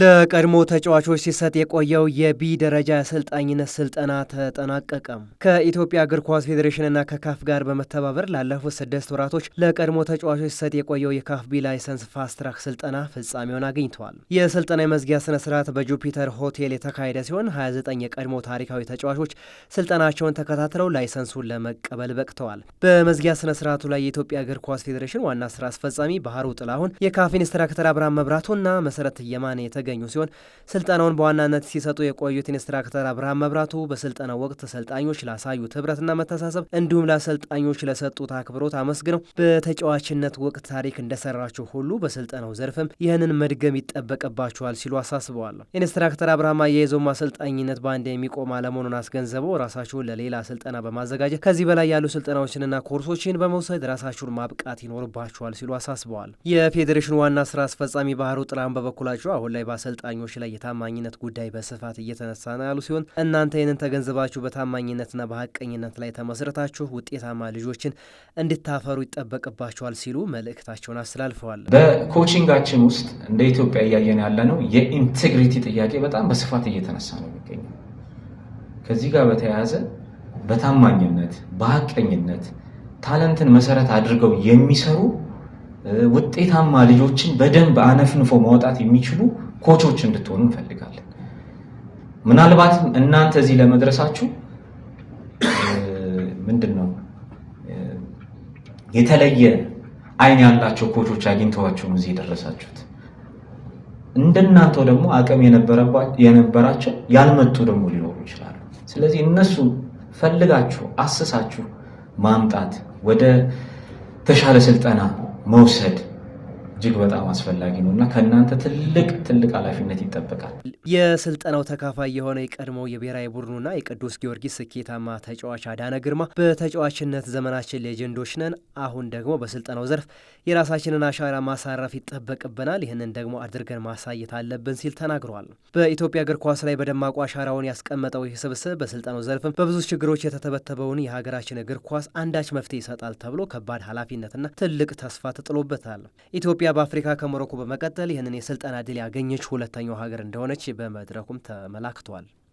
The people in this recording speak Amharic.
ለቀድሞ ተጫዋቾች ሲሰጥ የቆየው የቢ ደረጃ የአሰልጣኝነት ስልጠና ተጠናቀቀም ከኢትዮጵያ እግር ኳስ ፌዴሬሽንና ከካፍ ጋር በመተባበር ላለፉት ስድስት ወራቶች ለቀድሞ ተጫዋቾች ሲሰጥ የቆየው የካፍ ቢ ላይሰንስ ፋስትራክ ስልጠና ፍጻሜውን አግኝተዋል። የስልጠና የመዝጊያ ስነ ስርዓት በጁፒተር ሆቴል የተካሄደ ሲሆን 29 የቀድሞ ታሪካዊ ተጫዋቾች ስልጠናቸውን ተከታትለው ላይሰንሱን ለመቀበል በቅተዋል። በመዝጊያ ስነ ስርዓቱ ላይ የኢትዮጵያ እግር ኳስ ፌዴሬሽን ዋና ስራ አስፈጻሚ ባህሩ ጥላሁን፣ የካፍ ኢንስትራክተር አብርሃም መብራቱና መሰረት የተ የተገኙ ሲሆን ስልጠናውን በዋናነት ሲሰጡ የቆዩት ኢንስትራክተር አብርሃም መብራቱ በስልጠናው ወቅት ሰልጣኞች ላሳዩት ህብረትና መተሳሰብ እንዲሁም ለአሰልጣኞች ለሰጡት አክብሮት አመስግነው በተጫዋችነት ወቅት ታሪክ እንደሰራችሁ ሁሉ በስልጠናው ዘርፍም ይህንን መድገም ይጠበቅባቸዋል ሲሉ አሳስበዋል። ኢንስትራክተር አብርሃም አያይዘውም አሰልጣኝነት በአንድ የሚቆም አለመሆኑን አስገንዘበው ራሳችሁን ለሌላ ስልጠና በማዘጋጀት ከዚህ በላይ ያሉ ስልጠናዎችንና ኮርሶችን በመውሰድ ራሳችሁን ማብቃት ይኖርባቸዋል ሲሉ አሳስበዋል። የፌዴሬሽኑ ዋና ስራ አስፈጻሚ ባህሩ ጥላም በበኩላቸው አሁን ላይ በአሰልጣኞች ላይ የታማኝነት ጉዳይ በስፋት እየተነሳ ነው ያሉ ሲሆን እናንተ ይህንን ተገንዝባችሁ በታማኝነትና በሀቀኝነት ላይ ተመስረታችሁ ውጤታማ ልጆችን እንድታፈሩ ይጠበቅባቸዋል ሲሉ መልእክታቸውን አስተላልፈዋል። በኮቺንጋችን ውስጥ እንደ ኢትዮጵያ እያየን ያለ ነው የኢንቴግሪቲ ጥያቄ በጣም በስፋት እየተነሳ ነው የሚገኘው። ከዚህ ጋር በተያያዘ በታማኝነት በሀቀኝነት ታለንትን መሰረት አድርገው የሚሰሩ ውጤታማ ልጆችን በደንብ አነፍንፎ ማውጣት የሚችሉ ኮቾች እንድትሆኑ እንፈልጋለን። ምናልባትም እናንተ እዚህ ለመድረሳችሁ ምንድን ነው የተለየ አይን ያላቸው ኮቾች አግኝተዋቸውም እዚህ የደረሳችሁት እንደናንተው ደግሞ አቅም የነበራቸው ያልመጡ ደግሞ ሊኖሩ ይችላሉ። ስለዚህ እነሱ ፈልጋችሁ አስሳችሁ ማምጣት ወደ ተሻለ ስልጠና መውሰድ እጅግ በጣም አስፈላጊ ነው እና ከእናንተ ትልቅ ትልቅ ኃላፊነት ይጠበቃል። የስልጠናው ተካፋይ የሆነ የቀድሞው የብሔራዊ ቡድኑና የቅዱስ ጊዮርጊስ ስኬታማ ተጫዋች አዳነ ግርማ በተጫዋችነት ዘመናችን ሌጀንዶች ነን፣ አሁን ደግሞ በስልጠናው ዘርፍ የራሳችንን አሻራ ማሳረፍ ይጠበቅብናል፣ ይህንን ደግሞ አድርገን ማሳየት አለብን ሲል ተናግረዋል። በኢትዮጵያ እግር ኳስ ላይ በደማቁ አሻራውን ያስቀመጠው ይህ ስብስብ በስልጠናው ዘርፍም በብዙ ችግሮች የተተበተበውን የሀገራችን እግር ኳስ አንዳች መፍትሄ ይሰጣል ተብሎ ከባድ ኃላፊነትና ትልቅ ተስፋ ተጥሎበታል። ኢትዮጵያ ኢትዮጵያ በአፍሪካ ከሞሮኮ በመቀጠል ይህንን የስልጠና ድል ያገኘች ሁለተኛው ሀገር እንደሆነች በመድረኩም ተመላክቷል።